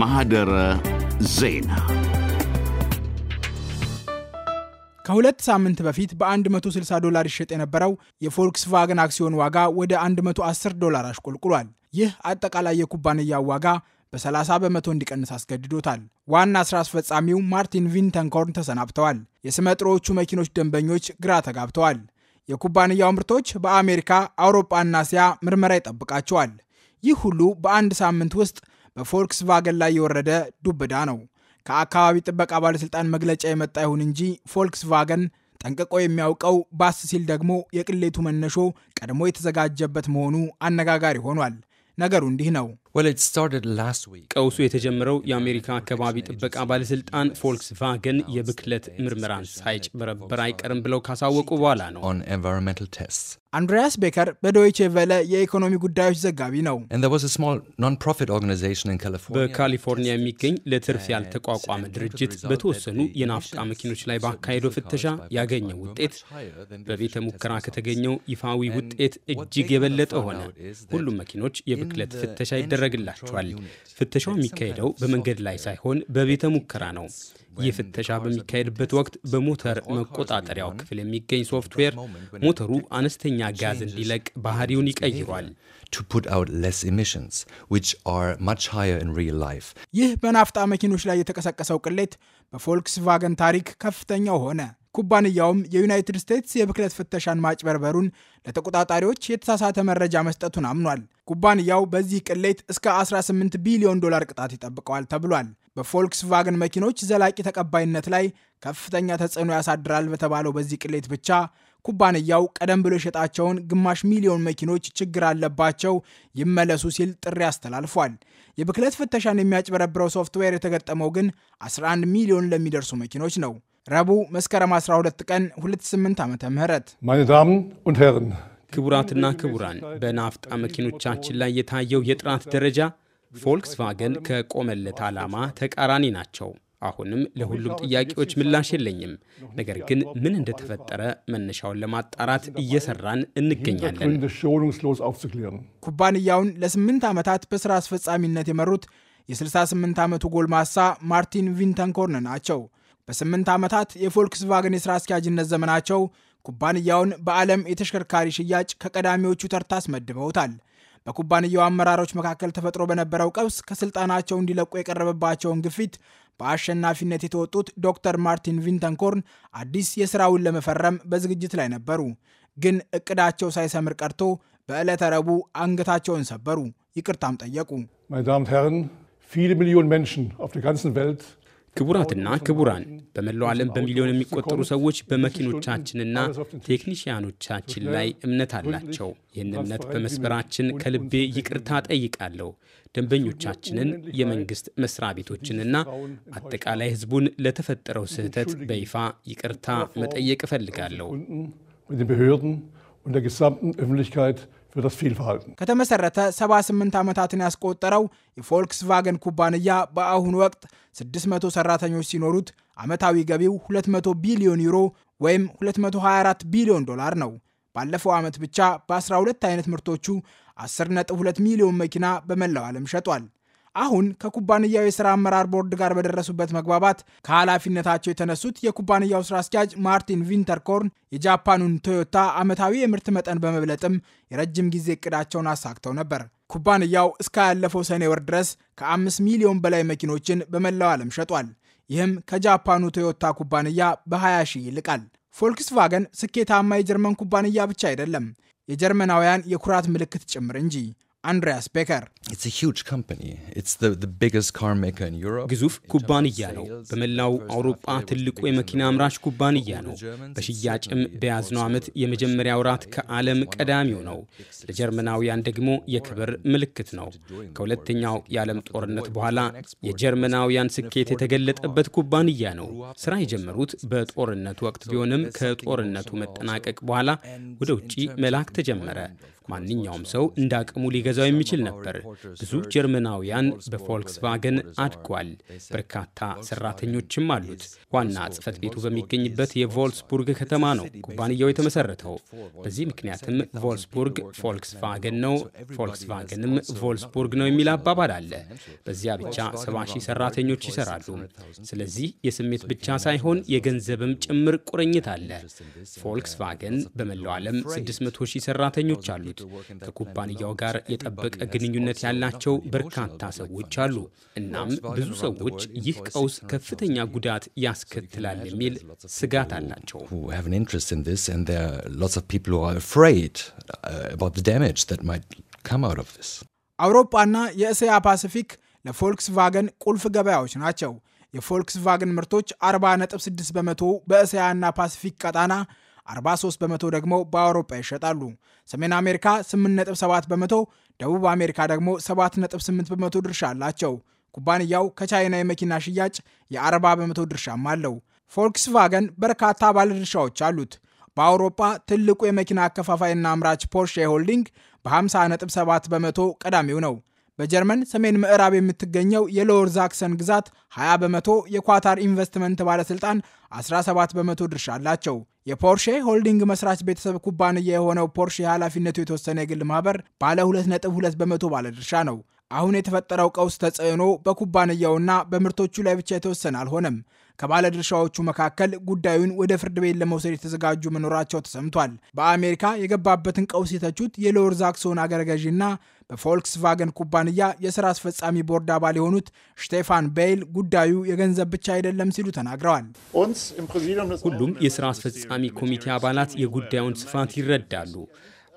ማህደረ ዜና ከሁለት ሳምንት በፊት በ160 ዶላር ይሸጥ የነበረው የፎልክስቫገን አክሲዮን ዋጋ ወደ 110 ዶላር አሽቆልቁሏል። ይህ አጠቃላይ የኩባንያው ዋጋ በ30 በመቶ እንዲቀንስ አስገድዶታል። ዋና ስራ አስፈጻሚው ማርቲን ቪንተንኮርን ተሰናብተዋል። የስመጥሮዎቹ መኪኖች ደንበኞች ግራ ተጋብተዋል። የኩባንያው ምርቶች በአሜሪካ አውሮፓና እስያ ምርመራ ይጠብቃቸዋል። ይህ ሁሉ በአንድ ሳምንት ውስጥ በፎልክስቫገን ላይ የወረደ ዱብዳ ነው። ከአካባቢ ጥበቃ ባለሥልጣን መግለጫ የመጣ ይሁን እንጂ ፎልክስቫገን ጠንቅቆ የሚያውቀው ባስ ሲል ደግሞ የቅሌቱ መነሾ ቀድሞ የተዘጋጀበት መሆኑ አነጋጋሪ ሆኗል። ነገሩ እንዲህ ነው። ቀውሱ የተጀመረው የአሜሪካ አካባቢ ጥበቃ ባለስልጣን ፎልክስቫገን የብክለት ምርመራን ሳይጭበረበር አይቀርም ብለው ካሳወቁ በኋላ ነው። አንድሪያስ ቤከር በዶይቼ ቨለ የኢኮኖሚ ጉዳዮች ዘጋቢ ነው። በካሊፎርኒያ የሚገኝ ለትርፍ ያልተቋቋመ ድርጅት በተወሰኑ የናፍጣ መኪኖች ላይ ባካሄደው ፍተሻ ያገኘው ውጤት በቤተ ሙከራ ከተገኘው ይፋዊ ውጤት እጅግ የበለጠ ሆነ። ሁሉም መኪኖች የብክለት ፍተሻ ይደረ ይደረግላቸዋል። ፍተሻው የሚካሄደው በመንገድ ላይ ሳይሆን በቤተ ሙከራ ነው። ይህ ፍተሻ በሚካሄድበት ወቅት በሞተር መቆጣጠሪያው ክፍል የሚገኝ ሶፍትዌር ሞተሩ አነስተኛ ጋዝ እንዲለቅ ባህሪውን ይቀይሯል። ይህ በናፍጣ መኪኖች ላይ የተቀሰቀሰው ቅሌት በፎልክስቫገን ታሪክ ከፍተኛው ሆነ። ኩባንያውም የዩናይትድ ስቴትስ የብክለት ፍተሻን ማጭበርበሩን፣ ለተቆጣጣሪዎች የተሳሳተ መረጃ መስጠቱን አምኗል። ኩባንያው በዚህ ቅሌት እስከ 18 ቢሊዮን ዶላር ቅጣት ይጠብቀዋል ተብሏል። በፎልክስቫገን መኪኖች ዘላቂ ተቀባይነት ላይ ከፍተኛ ተጽዕኖ ያሳድራል በተባለው በዚህ ቅሌት ብቻ ኩባንያው ቀደም ብሎ የሸጣቸውን ግማሽ ሚሊዮን መኪኖች ችግር አለባቸው ይመለሱ ሲል ጥሪ አስተላልፏል። የብክለት ፍተሻን የሚያጭበረብረው ሶፍትዌር የተገጠመው ግን 11 ሚሊዮን ለሚደርሱ መኪኖች ነው። ረቡዕ መስከረም 12 ቀን 28 ዓ ም meine Damen ክቡራትና ክቡራን በናፍጣ መኪኖቻችን ላይ የታየው የጥራት ደረጃ ፎልክስቫገን ከቆመለት ዓላማ ተቃራኒ ናቸው። አሁንም ለሁሉም ጥያቄዎች ምላሽ የለኝም። ነገር ግን ምን እንደተፈጠረ መነሻውን ለማጣራት እየሰራን እንገኛለን። ኩባንያውን ለስምንት ዓመታት በሥራ አስፈጻሚነት የመሩት የ68 ዓመቱ ጎልማሳ ማርቲን ቪንተንኮርን ናቸው። በስምንት ዓመታት የፎልክስቫገን የሥራ አስኪያጅነት ዘመናቸው ኩባንያውን በዓለም የተሽከርካሪ ሽያጭ ከቀዳሚዎቹ ተርታ አስመድበውታል። በኩባንያው አመራሮች መካከል ተፈጥሮ በነበረው ቀውስ ከስልጣናቸው እንዲለቁ የቀረበባቸውን ግፊት በአሸናፊነት የተወጡት ዶክተር ማርቲን ቪንተንኮርን አዲስ የሥራውን ለመፈረም በዝግጅት ላይ ነበሩ። ግን እቅዳቸው ሳይሰምር ቀርቶ በዕለተ ረቡዕ አንገታቸውን ሰበሩ። ይቅርታም ጠየቁ። ክቡራትና ክቡራን በመላው ዓለም በሚሊዮን የሚቆጠሩ ሰዎች በመኪኖቻችንና ቴክኒሽያኖቻችን ላይ እምነት አላቸው። ይህን እምነት በመስበራችን ከልቤ ይቅርታ ጠይቃለሁ። ደንበኞቻችንን፣ የመንግስት መስሪያ ቤቶችንና አጠቃላይ ሕዝቡን ለተፈጠረው ስህተት በይፋ ይቅርታ መጠየቅ እፈልጋለሁ። für das Fehlverhalten. ከተመሰረተ 78 ዓመታትን ያስቆጠረው የፎልክስቫገን ኩባንያ በአሁኑ ወቅት 600 ሰራተኞች ሲኖሩት ዓመታዊ ገቢው 200 ቢሊዮን ዩሮ ወይም 224 ቢሊዮን ዶላር ነው። ባለፈው ዓመት ብቻ በ12 አይነት ምርቶቹ 10.2 ሚሊዮን መኪና በመላው ዓለም ሸጧል። አሁን ከኩባንያው የስራ አመራር ቦርድ ጋር በደረሱበት መግባባት ከኃላፊነታቸው የተነሱት የኩባንያው ስራ አስኪያጅ ማርቲን ቪንተርኮርን የጃፓኑን ቶዮታ ዓመታዊ የምርት መጠን በመብለጥም የረጅም ጊዜ እቅዳቸውን አሳክተው ነበር። ኩባንያው እስከ ያለፈው ሰኔ ወር ድረስ ከአምስት ሚሊዮን በላይ መኪኖችን በመላው ዓለም ሸጧል። ይህም ከጃፓኑ ቶዮታ ኩባንያ በ20 ሺህ ይልቃል። ፎልክስቫገን ስኬታማ የጀርመን ኩባንያ ብቻ አይደለም፣ የጀርመናውያን የኩራት ምልክት ጭምር እንጂ አንድሪያስ ቤከር ግዙፍ ኩባንያ ነው። በመላው አውሮጳ ትልቁ የመኪና አምራች ኩባንያ ነው። በሽያጭም በያዝነው ዓመት የመጀመሪያ ወራት ከዓለም ቀዳሚው ነው። ለጀርመናውያን ደግሞ የክብር ምልክት ነው። ከሁለተኛው የዓለም ጦርነት በኋላ የጀርመናውያን ስኬት የተገለጠበት ኩባንያ ነው። ስራ የጀመሩት በጦርነቱ ወቅት ቢሆንም ከጦርነቱ መጠናቀቅ በኋላ ወደ ውጭ መላክ ተጀመረ። ማንኛውም ሰው እንደ አቅሙ ሊገዛው የሚችል ነበር። ብዙ ጀርመናውያን በፎልክስቫገን አድጓል። በርካታ ሰራተኞችም አሉት። ዋና ጽህፈት ቤቱ በሚገኝበት የቮልስቡርግ ከተማ ነው ኩባንያው የተመሰረተው። በዚህ ምክንያትም ቮልስቡርግ ፎልክስቫገን ነው፣ ፎልክስቫገንም ቮልስቡርግ ነው የሚል አባባል አለ። በዚያ ብቻ 7 ሺህ ሰራተኞች ይሰራሉ። ስለዚህ የስሜት ብቻ ሳይሆን የገንዘብም ጭምር ቁርኝት አለ። ፎልክስቫገን በመላው ዓለም 600 ሺህ ሰራተኞች አሉ። ያሉት። ከኩባንያው ጋር የጠበቀ ግንኙነት ያላቸው በርካታ ሰዎች አሉ። እናም ብዙ ሰዎች ይህ ቀውስ ከፍተኛ ጉዳት ያስከትላል የሚል ስጋት አላቸው። uh, አውሮፓና የእስያ ፓሲፊክ ለፎልክስቫገን ቁልፍ ገበያዎች ናቸው። የፎልክስቫገን ምርቶች 40.6 በመቶ በእስያና ፓሲፊክ ቀጣና 43 በመቶ ደግሞ በአውሮፓ ይሸጣሉ። ሰሜን አሜሪካ 8.7 በመቶ፣ ደቡብ አሜሪካ ደግሞ 7.8 በመቶ ድርሻ አላቸው። ኩባንያው ከቻይና የመኪና ሽያጭ የ40 በመቶ ድርሻም አለው። ፎልክስቫገን በርካታ ባለድርሻዎች አሉት። በአውሮፓ ትልቁ የመኪና አከፋፋይና አምራች ፖርሼ ሆልዲንግ በ50.7 በመቶ ቀዳሚው ነው። በጀርመን ሰሜን ምዕራብ የምትገኘው የሎወር ዛክሰን ግዛት 20 በመቶ፣ የኳታር ኢንቨስትመንት ባለሥልጣን 17 በመቶ ድርሻ አላቸው። የፖርሼ ሆልዲንግ መስራች ቤተሰብ ኩባንያ የሆነው ፖርሼ ኃላፊነቱ የተወሰነ የግል ማህበር ባለ 2.2 በመቶ ባለድርሻ ነው። አሁን የተፈጠረው ቀውስ ተጽዕኖ በኩባንያውና በምርቶቹ ላይ ብቻ የተወሰነ አልሆነም። ከባለድርሻዎቹ መካከል ጉዳዩን ወደ ፍርድ ቤት ለመውሰድ የተዘጋጁ መኖራቸው ተሰምቷል። በአሜሪካ የገባበትን ቀውስ የተቹት የሎወር ዛክሶን አገረ ገዢና በፎልክስቫገን ኩባንያ የሥራ አስፈጻሚ ቦርድ አባል የሆኑት ሽቴፋን ቤይል ጉዳዩ የገንዘብ ብቻ አይደለም ሲሉ ተናግረዋል። ሁሉም የሥራ አስፈጻሚ ኮሚቴ አባላት የጉዳዩን ስፋት ይረዳሉ።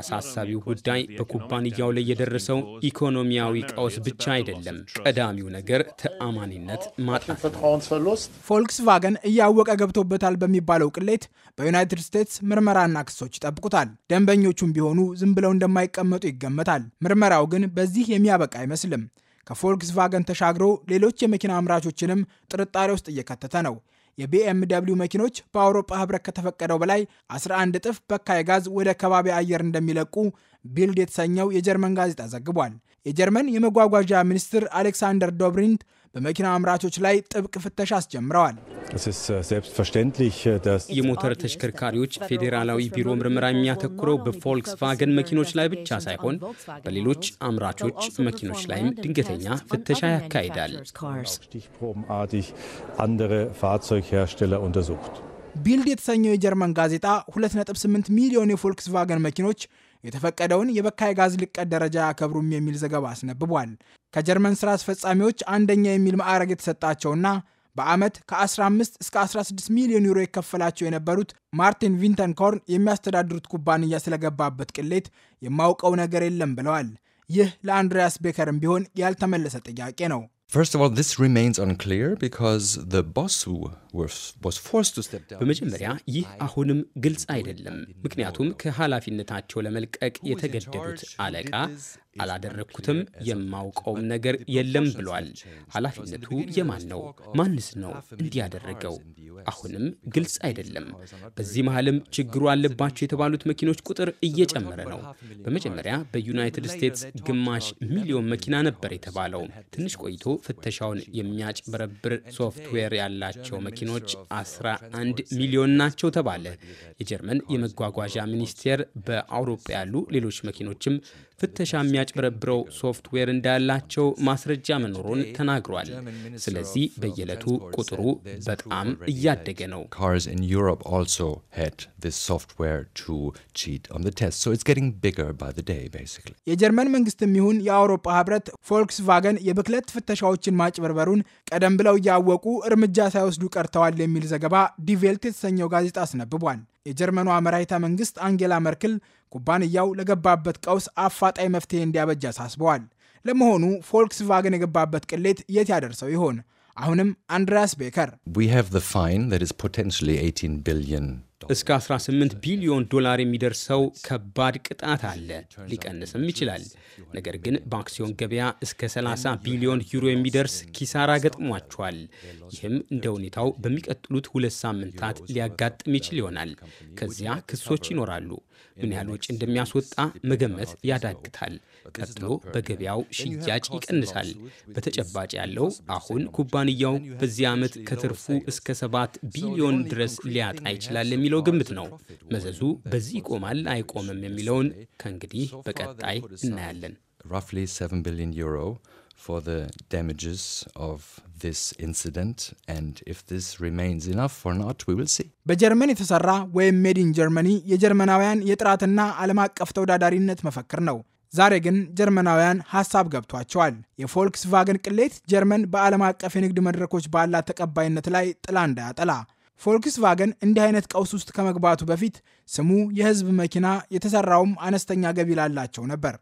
አሳሳቢው ጉዳይ በኩባንያው ላይ የደረሰው ኢኮኖሚያዊ ቀውስ ብቻ አይደለም። ቀዳሚው ነገር ተአማኒነት ማጣት። ፎልክስቫገን እያወቀ ገብቶበታል በሚባለው ቅሌት በዩናይትድ ስቴትስ ምርመራና ክሶች ይጠብቁታል። ደንበኞቹም ቢሆኑ ዝም ብለው እንደማይቀመጡ ይገመታል። ምርመራው ግን በዚህ የሚያበቃ አይመስልም። ከፎልክስቫገን ተሻግሮ ሌሎች የመኪና አምራቾችንም ጥርጣሬ ውስጥ እየከተተ ነው። የቢኤምደብሊው መኪኖች በአውሮፓ ህብረት ከተፈቀደው በላይ 11 እጥፍ በካይ ጋዝ ወደ ከባቢ አየር እንደሚለቁ ቢልድ የተሰኘው የጀርመን ጋዜጣ ዘግቧል። የጀርመን የመጓጓዣ ሚኒስትር አሌክሳንደር ዶብሪንት በመኪና አምራቾች ላይ ጥብቅ ፍተሻ አስጀምረዋል። äh, äh, የሞተር ተሽከርካሪዎች ፌዴራላዊ ቢሮ ምርመራ የሚያተኩረው በፎልክስቫገን መኪኖች ላይ ብቻ ሳይሆን በሌሎች አምራቾች መኪኖች ላይም ድንገተኛ ፍተሻ ያካሂዳል። ቢልድ የተሰኘው የጀርመን ጋዜጣ 2.8 ሚሊዮን የፎልክስቫገን መኪኖች የተፈቀደውን የበካይ ጋዝ ልቀት ደረጃ ያከብሩም የሚል ዘገባ አስነብቧል። ከጀርመን ሥራ አስፈጻሚዎች አንደኛ የሚል ማዕረግ የተሰጣቸውና በዓመት ከ15 እስከ 16 ሚሊዮን ዩሮ የከፈላቸው የነበሩት ማርቲን ቪንተንኮርን የሚያስተዳድሩት ኩባንያ ስለገባበት ቅሌት የማውቀው ነገር የለም ብለዋል። ይህ ለአንድሪያስ ቤከርም ቢሆን ያልተመለሰ ጥያቄ ነው። በመጀመሪያ ይህ አሁንም ግልጽ አይደለም፣ ምክንያቱም ከኃላፊነታቸው ለመልቀቅ የተገደዱት አለቃ አላደረግኩትም፣ የማውቀውም ነገር የለም ብሏል። ኃላፊነቱ የማን ነው? ማንስ ነው እንዲህ ያደረገው? አሁንም ግልጽ አይደለም። በዚህ መሀልም ችግሩ አለባቸው የተባሉት መኪኖች ቁጥር እየጨመረ ነው። በመጀመሪያ በዩናይትድ ስቴትስ ግማሽ ሚሊዮን መኪና ነበር የተባለው። ትንሽ ቆይቶ ፍተሻውን የሚያጭበረብር ሶፍትዌር ያላቸው መኪኖች 11 ሚሊዮን ናቸው ተባለ። የጀርመን የመጓጓዣ ሚኒስቴር በአውሮፓ ያሉ ሌሎች መኪኖችም ፍተሻ የሚያጭበረብረው ሶፍትዌር እንዳላቸው ማስረጃ መኖሩን ተናግሯል። ስለዚህ በየዕለቱ ቁጥሩ በጣም እያደገ ነው። የጀርመን መንግስትም ይሁን የአውሮፓ ህብረት ፎልክስቫገን የብክለት ፍተሻዎችን ማጭበርበሩን ቀደም ብለው እያወቁ እርምጃ ሳይወስዱ ቀርተዋል የሚል ዘገባ ዲቬልት የተሰኘው ጋዜጣ አስነብቧል። የጀርመኗ መራሒተ መንግስት አንጌላ መርክል ኩባንያው ለገባበት ቀውስ አፋጣኝ መፍትሄ እንዲያበጅ አሳስበዋል። ለመሆኑ ፎልክስቫገን የገባበት ቅሌት የት ያደርሰው ይሆን? አሁንም አንድሪያስ ቤከር እስከ 18 ቢሊዮን ዶላር የሚደርሰው ከባድ ቅጣት አለ። ሊቀንስም ይችላል። ነገር ግን በአክሲዮን ገበያ እስከ 30 ቢሊዮን ዩሮ የሚደርስ ኪሳራ ገጥሟቸዋል። ይህም እንደ ሁኔታው በሚቀጥሉት ሁለት ሳምንታት ሊያጋጥም ይችል ይሆናል። ከዚያ ክሶች ይኖራሉ። ምን ያህል ወጪ እንደሚያስወጣ መገመት ያዳግታል። ቀጥሎ በገበያው ሽያጭ ይቀንሳል። በተጨባጭ ያለው አሁን ኩባንያው በዚህ ዓመት ከትርፉ እስከ ሰባት ቢሊዮን ድረስ ሊያጣ ይችላል የሚለው የሚለው ግምት ነው። መዘዙ በዚህ ይቆማል አይቆምም የሚለውን ከእንግዲህ በቀጣይ እናያለን። for the damages of this incident and if this remains enough or not, we will see. በጀርመን የተሰራ ወይም ሜድ ኢን ጀርመኒ የጀርመናውያን የጥራትና ዓለም አቀፍ ተወዳዳሪነት መፈክር ነው። ዛሬ ግን ጀርመናውያን ሀሳብ ገብቷቸዋል። የፎልክስቫገን ቅሌት ጀርመን በዓለም አቀፍ የንግድ መድረኮች ባላት ተቀባይነት ላይ ጥላ እንዳያጠላ ፎልክስቫገን እንዲህ አይነት ቀውስ ውስጥ ከመግባቱ በፊት ስሙ የህዝብ መኪና የተሰራውም አነስተኛ ገቢ ላላቸው ነበር።